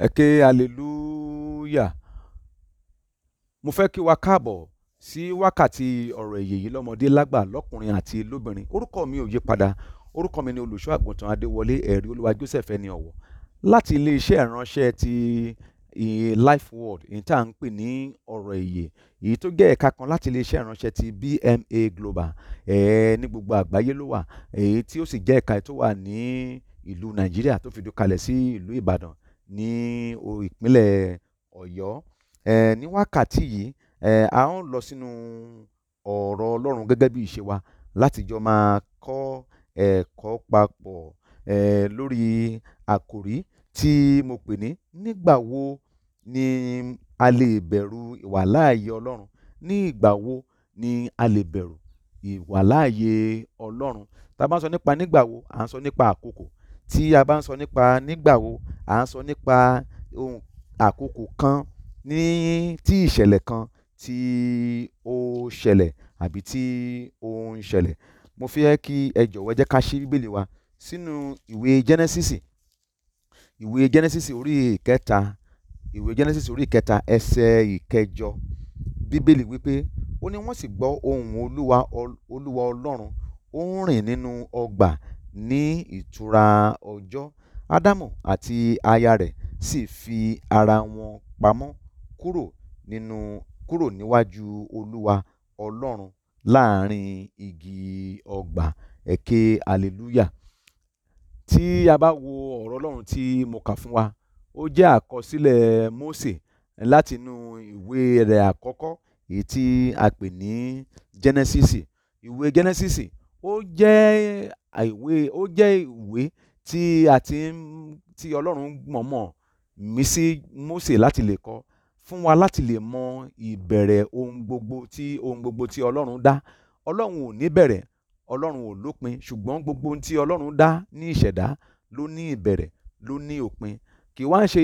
ẹ ké hallelujah mo fẹ́ kí wa káàbọ̀ sí wákàtí ọ̀rọ̀ èyí yìí lọ́mọdé lágbà lọ́kùnrin àti lóbìnrin orúkọ mi ò yí padà orúkọ mi ni olùṣọ́ àgùntàn adéwọlé ẹ̀rí olúwa joseph ẹni ọ̀wọ̀ láti iléeṣẹ́ ìránṣẹ́ ti life world èyí tá à ń pè ní ọ̀rọ̀ èyí èyí tó jẹ́ ẹ̀ka kan láti iléeṣẹ́ ìránṣẹ́ ti bma global ẹ̀ẹ́ ní gbogbo àgbáyé ló wà èyí tí ó sì jẹ́ ẹ̀ka tó wà ní ìlú nàìjíríà tó fi dúkalẹ̀ sí ìlú ìbàdàn ní ìpínlẹ̀ ọ̀yọ́ um ní wákàtí yìí um a ó lọ sínú ọ̀rọ̀ ọlọ́run gẹ́gẹ́ bí ìṣe wa láti jọ máa kọ́ ẹ̀kọ́ papọ̀ um lórí àkòrí tí mo pè ní nígbà wo ni a lè bẹ̀rù ìwàláàyè ọlọ́run ní ìgbà wo ni a lè bẹ̀rù ìwàláàyè ọlọ́run tá a bá ń sọ nípa nígbà wo à ń sọ nípa àkókò tí a bá ń sọ nípa nígbà wo à ń sọ nípa ohun àkókò kan ní tí ìṣẹ̀lẹ̀ kan tí ó ṣẹlẹ̀ àbí tí ó ń ṣẹlẹ̀ mo fẹ́ kí ẹ jọ̀wọ́ jẹ́ ká ṣí bíbélì wa sínú ìwé Genesis ìwé Genesis orí ìkẹta ìwé Genesis orí ìkẹta ẹsẹ̀ ìkẹjọ bíbélì wípé ó ní wọ́n sì gbọ́ ohùn olúwa olúwa ọlọ́run ó ń rìn nínú ọgbà ní ìtura ọjọ́ ádámù àti aya rẹ̀ sì fi ara wọn pamọ́ kúrò nínú kúrò níwájú olúwa ọlọ́run láàárín igi ọgbà ẹ hallelujah tí a bá wo ọ̀rọ̀ ọlọ́run tí mo kà fún wa ó jẹ́ àkọsílẹ̀ mósè látinú ìwé rẹ̀ àkọ́kọ́ èyí tí a pè ní genesis ìwé genesis ó jẹ́ ìwé ó jẹ́ ìwé tí a ti ń tí ọlọ́run mọ̀ọ́mọ̀ mí sí Mósè láti lè kọ fún wa láti lè mọ ìbẹ̀rẹ̀ ohun gbogbo tí ohun gbogbo tí ọlọ́run dá ọlọ́run ò ní bẹ̀rẹ̀ ọlọ́run ò lópin ṣùgbọ́n gbogbo tí ọlọ́run dá ní ìṣẹ̀dá ló ní ìbẹ̀rẹ̀ ló ní òpin kì wá ń ṣe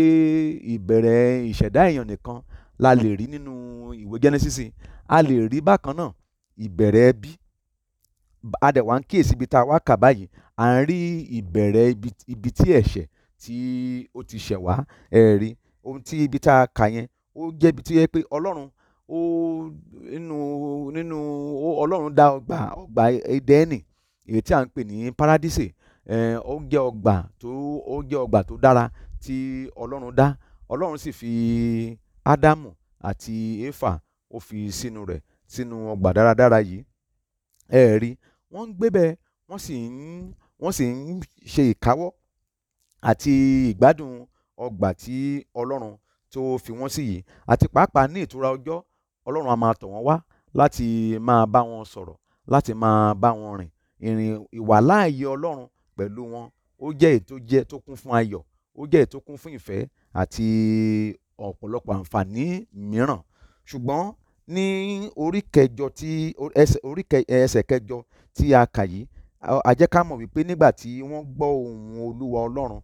ìbẹ̀rẹ̀ ìṣẹ̀dá èèyàn nìkan la lè rí nínú ìwé Genesis a lè rí bákan náà ìbẹ̀rẹ̀ bí adẹ̀ wá ń kíyèsí ibi tá a wá kà báyìí à ń rí ìbẹ̀rẹ̀ ibi tí ẹ̀ṣẹ̀ tí ó ti ṣẹ̀ wá ẹ̀rí ohun tí ibi tá a kà yẹn ó jẹ́ ibi tí ó yẹ pé ọlọ́run ó nínú nínú ọlọ́run dá ọgbà ọgbà Édẹ́nì èyí tí a ń pè ní paradísè ó jẹ́ ọgbà tó ó jẹ́ ọgbà tó dára tí ọlọ́run dá ọlọ́run sì fi Ádámù àti Éfà ó fi sínú rẹ̀ sínú ọgbà dáradára yìí ẹ rí wọ́n ń gbébẹ̀ wọ́n sì ń wọ́n sì ń ṣe ìkáwọ́ àti ìgbádùn ọgbà tí ọlọ́run tó fi wọ́n sí yìí àti pàápàá ní ìtura ọjọ́ ọlọ́run a máa tọ̀ wọ́n wá láti máa bá wọn sọ̀rọ̀ láti máa bá wọn rìn ìrìn ìwàláàyè ọlọ́run pẹ̀lú wọn ó jẹ́ èyí jẹ́ tó kún fún ayọ̀ ó jẹ́ èyí kún fún ìfẹ́ àti ọ̀pọ̀lọpọ̀ àǹfààní mìíràn ṣùgbọ́n ní orí kẹjọ tí orí ẹsẹ̀ kẹjọ tí a kà yìí a jẹ́ ká mọ̀ wípé nígbà tí wọ́n gbọ́ ohùn olúwa ọlọ́run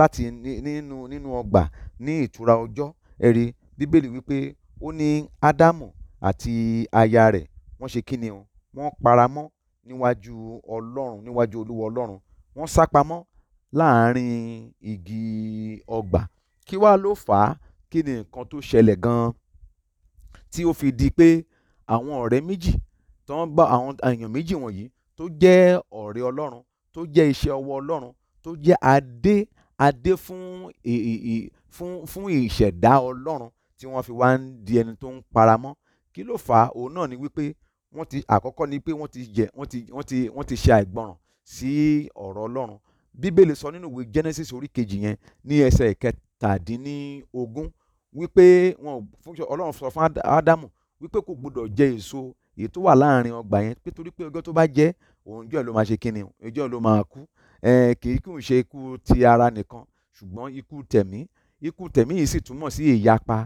láti nínú nínú ọgbà ní ìtura ọjọ́ ẹ̀rí bíbélì wípé ó ní ádámù àti aya rẹ̀ wọ́n ṣe kíni o wọ́n paramọ́ níwájú ọlọ́run níwájú olúwa ọlọ́run wọ́n sá pamọ́ láàárín igi ọgbà kí wá ló fà á kí ni nǹkan tó ṣẹlẹ̀ gan-an tí ó fi di pé àwọn ọ̀rẹ́ méjì tó ń bá àwọn èèyàn méjì wọ̀nyí tó jẹ́ ọ̀rẹ́ ọlọ́run tó jẹ́ iṣẹ́ ọwọ́ ọlọ́run tó jẹ́ adé adé fún fún fún ìṣẹ̀dá ọlọ́run tí wọ́n fi wá ń di ẹni tó ń paramọ́ kí ló fà á òun náà ni wípé wọ́n ti àkọ́kọ́ ni pé wọ́n ti jẹ wọ́n ti wọ́n ti wọ́n ti ṣe àìgbọràn sí ọ̀rọ̀ ọlọ́run bíbélì sọ nínú ìwé Genesis orí kejì yẹn ní ẹsẹ̀ ìkẹtàdínní ogún wípé wọn ò fúnṣọ ọlọ́run sọ fún ádámù wípé kò gbọdọ̀ jẹ èso èyí tó wà láàrin ọgbà yẹn pé torí pé ọjọ́ tó bá jẹ òun jọ ló máa ṣe kíni ọjọ́ ló máa kú kì í kí n ṣe ikú ti ara nìkan ṣùgbọ́n ikú tẹ̀mí ikú tẹ̀mí yìí sì túmọ̀ sí ìyapa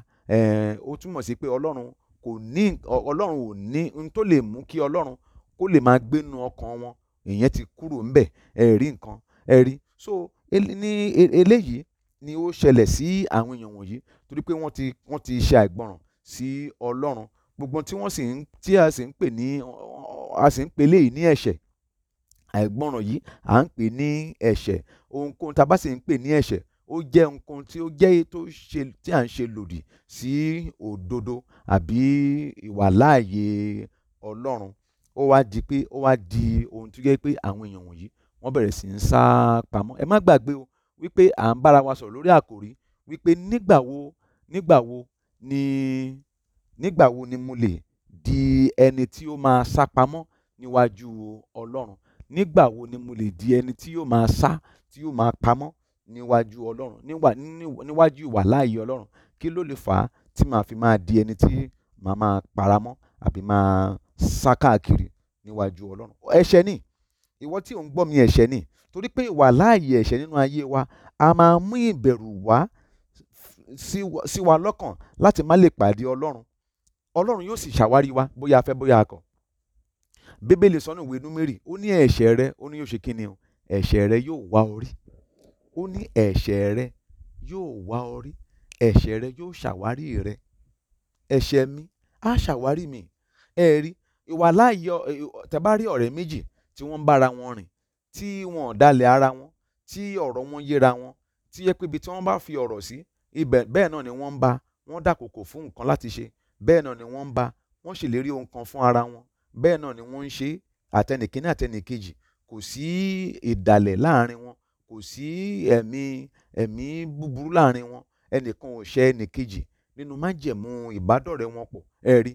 ó túmọ̀ sí pé ọlọ́run kò ní ọlọ́run ò ní n tó lè mú kí ọlọ́run kó lè máa gbénu ọkàn wọn ìyẹn ti kúrò ńbẹ̀ ẹ rí nǹkan ẹ rí so ní e-, eléyìí ni ó ṣẹlẹ̀ sí àwọn èèyàn wọ̀nyí torí pé wọ́n ti wọ́n ti ṣe àìgbọràn sí ọlọ́run gbogbo tí wọ́n sì ń tí a sì ń pè ní a sì ń pè léyìí ní ẹ̀ṣẹ̀ àìgbọràn yìí à ń pè ní ẹ̀ṣẹ̀ ohunkóhun tá a bá sì ń pè ní ẹ̀ṣẹ̀ ó jẹ́ nǹkan tí ó jẹ́ tó ṣe tí à ń ṣe lòdì sí òdodo àbí ìwàláàyè ọlọ́run ó wá di pé ó wá di ohun tó jẹ́ pé àwọn èèyàn wọ̀nyí wọ́n bẹ̀rẹ̀ sí ń sá pamọ́ ẹ má gbàgbé o wípé à ń bára wa sọ̀rọ̀ lórí àkòrí wípé nígbà wo nígbà wo ni nígbà wo ni mo lè di ẹni tí ó máa sá pamọ́ níwájú Ọlọ́run nígbà wo ni mo lè di ẹni tí yóò máa sá tí yóò máa pamọ́ níwájú Ọlọ́run níwájú ìwà láàyè Ọlọ́run kí ló lè fà á tí màá fi máa di ẹni tí màá máa paramọ́ àbí máa sá káàkiri níwájú Ọlọ́run ẹ̀ṣẹ̀ ni ìwọ tí ò ń gbọ́ mi ẹ̀ṣẹ̀ ni torí pé ìwà láàyè ẹ̀ṣẹ̀ nínú ayé wa a máa mú ìbẹ̀rù wá sí wa lọ́kàn láti má lè pàdé ọlọ́run ọlọ́run yóò sì ṣàwárí wa bóyá a bóyá a bíbélì sọ́nù ìwé númérì ó ní ẹ̀ṣẹ̀ rẹ ó ní yóò ṣe kí ni o ẹ̀ṣẹ̀ rẹ yóò wá orí ó ní ẹ̀ṣẹ̀ rẹ yóò wá orí ẹ̀ṣẹ̀ rẹ yóò ṣàwárí rẹ ẹ̀ṣẹ̀ mi á ṣàwárí mi ẹ rí ìwà láàyè tẹ́ bá rí ọ̀rẹ́ méjì tí wọ́n ń bára wọn rìn tí wọn ò dalẹ̀ ara wọn tí ọ̀rọ̀ wọn yéra wọn tí yẹ pé ibi tí wọ́n bá fi ọ̀rọ̀ sí ibẹ̀ bẹ́ẹ̀ náà ni wọ́n ń ba wọ́n dàkòkò fún nǹkan láti ṣe bẹ́ẹ̀ náà ni wọ́n ń ba wọ́n ṣèlérí ohun kan fún ara wọn bẹ́ẹ̀ náà ni wọ́n ń ṣe àtẹnìkíní àtẹnìkejì kò sí ìdàlẹ̀ láàrin wọn kò sí ẹ̀mí ẹ̀mí búburú láàrin wọn ẹnìkan ò ṣe ẹnìkejì nínú májẹ̀mú ìbádọ́rẹ̀ wọn pọ̀ ẹ̀rí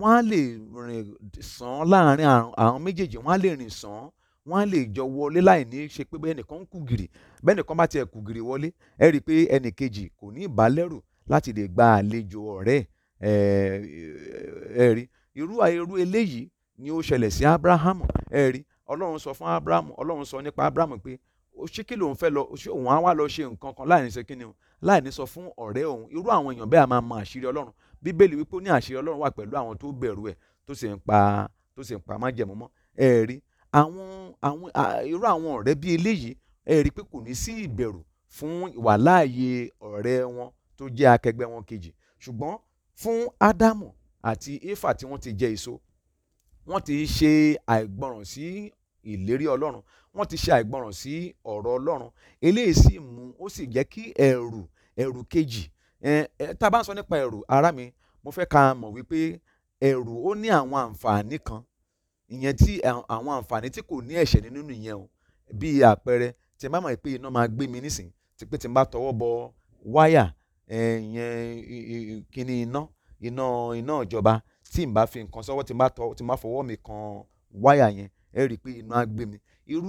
wọ́n á lè rìn sàn láàrin àwọn méjèèjì wọ́n á lè rìn sàn wọ́n á lè jọ wọlé láì ní ṣe pé bẹ́ẹ̀ nìkan ń kú gìrì bẹ́ẹ̀ nìkan bá tiẹ̀ kú gìrì wọlé ẹ rí i pé ẹnì kejì kò ní ìbálẹ́rù láti lè gba àlejò ọ̀rẹ́ ẹ rí irú irú eléyìí ni ó ṣẹlẹ̀ sí Abrahamu ẹ rí Ọlọ́run sọ fún Abrahamu Ọlọ́run sọ nípa Abrahamu pé ṣé kí lòun fẹ́ lọ òun á wá lọ ṣe nǹkan kan láì sọ fún ọ̀rẹ́ òun irú àwọn èèyàn bẹ́ẹ̀ máa mọ àṣírí Ọlọ́run bíbélì wípé ó ní àṣírí ọlọ́run wà pẹ̀lú àwọn tó bẹ̀rù ẹ̀ tó sì ń pa tó sì ń pa májẹ̀mú mọ́ ẹ rí àwọn àwọn irú àwọn ọ̀rẹ́ bíi eléyìí ẹ rí pé kò ní sí ìbẹ̀rù fún ìwàláàyè ọ̀rẹ́ wọn tó jẹ́ akẹgbẹ́ wọn kejì ṣùgbọ́n fún ádámù àti éfà tí wọ́n ti jẹ èso wọ́n ti ṣe àìgbọràn sí ìlérí ọlọ́run wọ́n ti ṣe àìgbọràn sí ọ̀rọ̀ ọlọ́run eléyìí sì mú ó sì jẹ́ kí ẹ̀rù ẹ̀rù kejì tá a bá ń sọ nípa ẹ̀rù ara mi mo fẹ́ ká mọ̀ wípé ẹ̀rù ó ní àwọn àǹfààní kan ìyẹn tí àwọn àǹfààní tí kò ní ẹ̀ṣẹ̀ nínú ìyẹn o bí àpẹẹrẹ tí n bá mọ̀ pé iná máa gbé mi nísìn tí pé tí n bá tọwọ́ bọ wáyà ìyẹn kíní iná iná iná ìjọba tí n bá fi nǹkan sọ́wọ́ tí n bá tọ tí n bá fọwọ́ mi kan wáyà yẹn ẹ rí i pé iná á gbé mi irú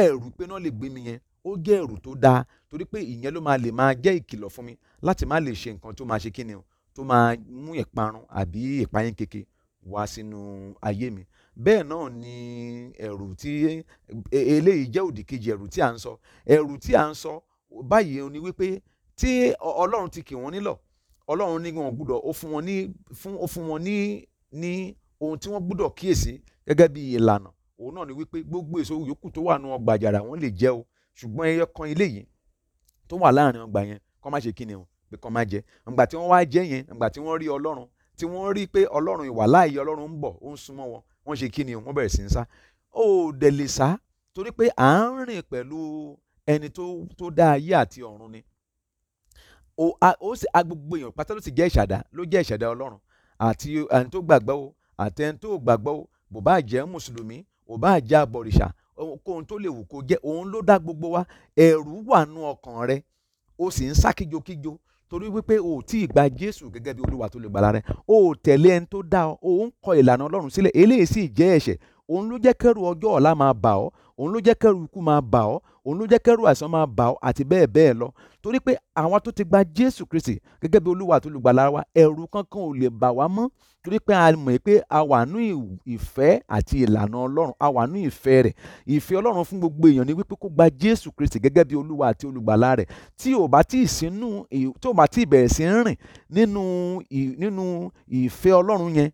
ẹ̀rù pé iná lè gbé mi yẹn ó jẹ́ ẹ̀rù tó dáa torí pé ìyẹn ló máa lè máa jẹ́ ìkìlọ̀ fún mi láti má lè ṣe nǹkan tó máa ṣe kíni o tó máa mú ìparun àbí ìpayín keke wá sínú ayé mi bẹ́ẹ̀ náà ni ẹ̀rù tí e, eléyìí jẹ́ òdì kejì ẹ̀rù tí à ń sọ ẹ̀rù tí à ń sọ báyìí ni wípé tí ọlọ́run ti kì wọ́n nílọ̀ ọlọ́run ní wọn gbúdọ̀ ó fún wọn ní fún ó fún wọn ní ní ohun tí wọ́n gbúdọ̀ kíyèsí gẹ́gẹ́ bí ìlànà òun náà ni wípé gbogbo èso yòókù tó wà nù ọgbà àjàrà wọn lè jẹ o ṣùgbọ́n ẹyọ kan ilé yìí tó wà láàrin ọgbà yẹn kọ́ má ṣe kí ni o pé kọ́ má jẹ ọgbà tí wọ́n wá jẹ yẹn ọgbà tí wọ́n rí ọlọ́run tí wọ́n rí pé ọlọ́run ìwà láàyè ọlọ́run ń bọ̀ ó ń súnmọ́ wọn wọ́n ṣe kí ni o wọ́n bẹ̀rẹ̀ sí ń sá ó dẹ̀ lè sá torí pé à ń rìn pẹ̀lú ẹni tó dá ayé àti ọ̀run ni ó sì agbègbè èèyàn pátá ló sì jẹ́ ìṣàdá ló jẹ́ ìṣàdá ọlọ́run àti ẹni tó gbàgbọ́ àti ẹni tó gbàgbọ́ o jẹ́ mùsùlùmí ò jẹ́ abọ̀rìṣà ohunkóhun tó lè wù kó jẹ́ òun ló dá gbogbo wa ẹ̀rù wà nú ọkàn rẹ o sì ń sá kíjokíjo torí wípé o ò tí ì gba Jésù gẹ́gẹ́ bí Olúwa tó lè gbàlà rẹ o ò tẹ̀lé ẹni tó dá ọ o ń kọ ìlànà Ọlọ́run sílẹ̀ eléyìí sì jẹ́ ẹ̀ṣẹ̀ òun ló jẹ́ kẹ́rù ọjọ́ ọ̀la máa bà ọ́ òun ló jẹ́ kẹ́rù ikú máa bà ọ́ òun ló jẹ́ kẹ́rù àìsàn máa bà ọ́ àti bẹ́ẹ̀ bẹ́ẹ̀ lọ torí pé àwọn tó ti gba Jésù Kristi gẹ́gẹ́ bí Olúwa tó lùgbàlà wa ẹ̀rù kankan ò lè bà wá mọ́ torí pé a mọ̀ pé a wà ní ìfẹ́ àti ìlànà Ọlọ́run a wà ní ìfẹ́ rẹ̀ ìfẹ́ Ọlọ́run fún gbogbo èèyàn ni wípé kó gba Jésù Kristi gẹ́gẹ́ bí Olúwa àti olùgbàlà rẹ̀ tí ò bá tí sínú tí ò bá tí bẹ̀rẹ̀ sí rìn nínú ìfẹ́ Ọlọ́run yẹn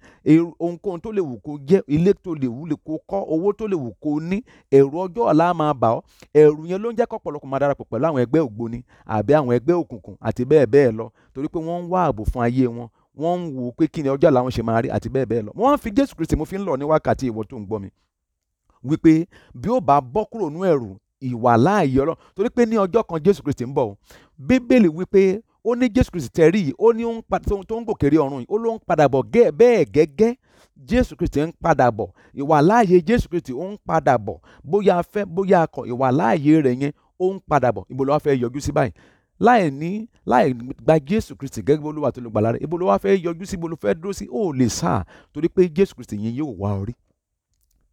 ohunkóhun tó lè wù kó jẹ́ ilé tó lè wù kó kọ́ owó tó lè wù kó ní ẹ̀rù ọjọ́ ọ̀la máa bà ọ́ ẹ̀rù ìyẹn ló ń jẹ́ kọ́pọ̀lọpọ̀ máa darapọ̀ pẹ̀lú àwọn ẹgbẹ́ ògbóni àbí àwọn ẹgbẹ́ òkùnkùn àti bẹ́ẹ̀ bẹ́ẹ̀ lọ torí pé wọ́n ń wá ààbò fún ayé wọn wọ́n ń wò pé kí ni ọjọ́ làwọn ṣe máa rí àti bẹ́ẹ̀ bẹ́ẹ̀ lọ wọ́n fi Jésù Kristi mo fi ń lọ ní wákàtí ìwọ tó ń gbọ́ mi wípé bí ó bá bọ́ kúrò nú ẹ̀rù ìwà láàyè ọlọ́ torí pé ní ọjọ́ kan Jésù Kristi ń bọ̀ Bíbélì wípé ó ní Jésù Kristi tẹ̀rí ó ní tó ń gòkèrè ọ̀run yìí ó ló ń padà bọ̀ bẹ́ẹ̀ gẹ́gẹ́ jésù kristi ń padà bọ̀ ìwà láàyè jésù kristi ó ń padà bọ̀ bóyá fẹ́ bóyá akọ ìwà láàyè rẹ̀ yẹn ó ń padà bọ̀ ibo ló wá fẹ́ yọjú sí báyìí láì ní láì gba jésù kristi gẹ́gẹ́ bí olúwa tó lè gbà lára ibo ló wá fẹ́ yọjú sí ibo ló fẹ́ dúró sí ó lè sáà torí pé jésù kristi yẹn yóò wá orí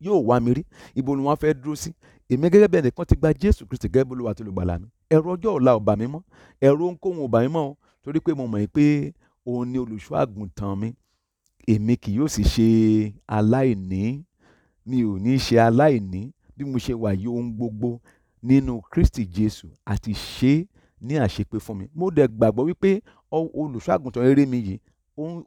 yóò wá mi rí ibo ni wọ́n fẹ́ dúró sí èmi gẹ́gẹ́ bí ẹnìkan ti gba jésù kristi gẹ́gẹ́ bí olúwa tó lè gbàlà mi ẹ̀rọ ọjọ́ ọ̀la ò bà mí mọ́ ẹ̀rọ ohunkóhun ò bà mí mọ́ o torí pé mo mọ̀ pé òun ni olùṣọ́ àgùntàn mi èmi kì yóò sì ṣe aláìní mi ò ní ṣe aláìní bí mo ṣe wà yí ohun gbogbo nínú kristi jésù àti ṣe ní àṣepé fún mi mo dẹ̀ gbàgbọ́ wípé olùṣọ́àgùntàn rere mi yìí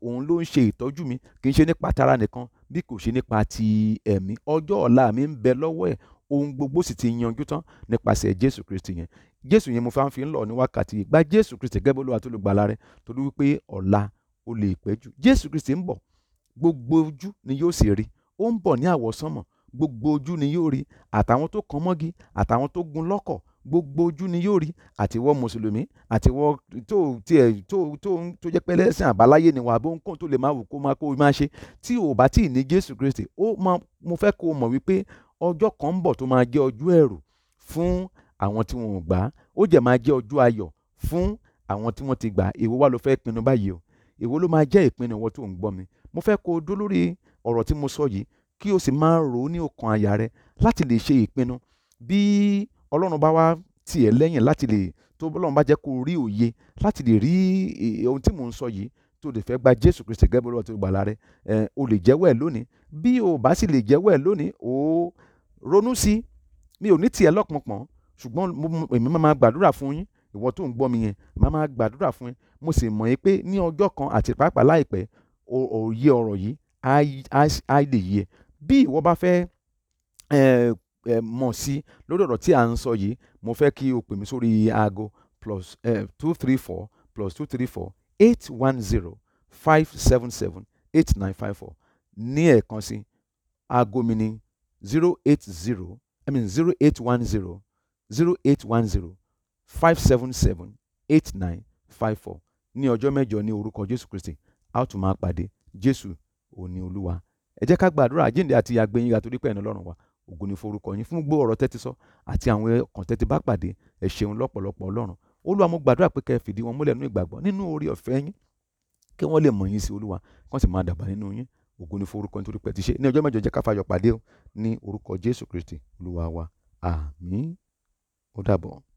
òun ló ń ṣe ìtọ́jú mi kì í ṣe nípa tara nìkan bí kò ṣe nípa ti ẹ̀mí ọjọ́ ọ̀la mi ń bẹ lọ́wọ́ ẹ̀ ohun gbogbo sì ti yanjú tán nípasẹ̀ jésù kristi yẹn jésù yẹn mo fà ń fi ń lọ ní wákàtí ìgbà jésù kristi gẹ́gẹ́ bí olúwa tó lè rẹ torí wípé ọ̀la ó lè pẹ́ jù jésù kristi ń bọ̀ gbogbo ojú ni yóò sì rí ó ń bọ̀ ní àwọ̀sánmọ̀ gbogbo ojú ni yóò rí àtàwọn tó kan mọ́gi àtàwọn tó gun lọ́kọ̀ gbogbo ojú ni yóò rí àtiwọ́ mùsùlùmí àtiwọ́ tó tiẹ̀ tó tó tó jẹ́ pé ẹlẹ́sìn àbáláyé ni wàá bó ń kóhun tó lè máa wù kó máa kó máa ṣe tí ò bá tíì ní Jésù Kristi ó máa mo fẹ́ kó o mọ̀ wípé ọjọ́ kan ń bọ̀ tó máa jẹ́ ọjọ́ ẹ̀rù fún àwọn tí wọn ò gbà á ó jẹ́ máa jẹ́ ọjọ́ ayọ̀ fún àwọn tí wọ́n ti gbà èwo wá ló fẹ́ pinnu báyìí o èwo ló máa jẹ́ ìpinnu ìwọ tó ń gbọ́ mi mo fẹ́ kó o dó lórí ọ̀rọ̀ tí mo sọ yìí kí o sì máa rò ó ní ọkàn àyà rẹ láti lè ṣe ìpinnu bí ọlọ́run bá wá tì ẹ́ lẹ́yìn láti lè tó ọlọ́run bá jẹ́ kó o rí òye láti lè rí e, ohun tí mò ń sọ yìí tó lè fẹ́ gba jésù kristi gẹ́gẹ́ bí olúwa tó gbàlà rẹ o lè jẹ́wọ́ ẹ̀ lónìí bí o bá sì lè jẹ́wọ́ ẹ̀ lónìí o ronú sí mi ò ní tiẹ̀ lọ́pọ̀npọ̀n ṣùgbọ́n èmi máa gbàdúrà fún yín ìwọ tó ń gbọ́ mi yẹn máa máa gbàdúrà fún yín mo sì mọ̀ yín pé ní ọjọ́ kan àti pàápàá láìpẹ́ òye ọ̀rọ̀ yìí á lè yé bí ìwọ bá fẹ́ mọ̀ sí lórí ọ̀rọ̀ tí à ń sọ yìí mo fẹ́ kí o pè mí sórí aago plus two three four plus two three four eight one zero five seven seven eight nine five four ní ẹ̀ẹ̀kan sí aago mi ní zero eight zero i mean zero eight one zero zero eight one zero five seven seven eight nine five four ní ọjọ́ mẹ́jọ ní orúkọ Jésù Kristi a ó tún máa pàdé jésù òun ni olúwa ẹ jẹ́ ká gbàdúrà jíǹde àti àgbẹ̀yìn ìgbà torí pé ẹ̀yin ọlọ́run wa ògo ni forúkọ yín fún gbogbo ọ̀rọ̀ tẹ́tí sọ àti àwọn ọkàn tẹ́tí bá pàdé ẹ ṣeun lọ́pọ̀lọpọ̀ ọlọ́run olúwa mo gbàdúrà pé kẹ́ ẹ fìdí wọn múlẹ̀ nínú ìgbàgbọ́ nínú oore ọ̀fẹ́ yín kí wọ́n lè mọ̀ yín sí olúwa kán sì máa dàgbà nínú yín ògo ni forúkọ yín torí pé ti ṣe ní ọjọ́ mẹ́jọ jẹ́ ká fayọ̀ ní orúkọ jésù kristi olúwa wa àmín ó dàbọ̀.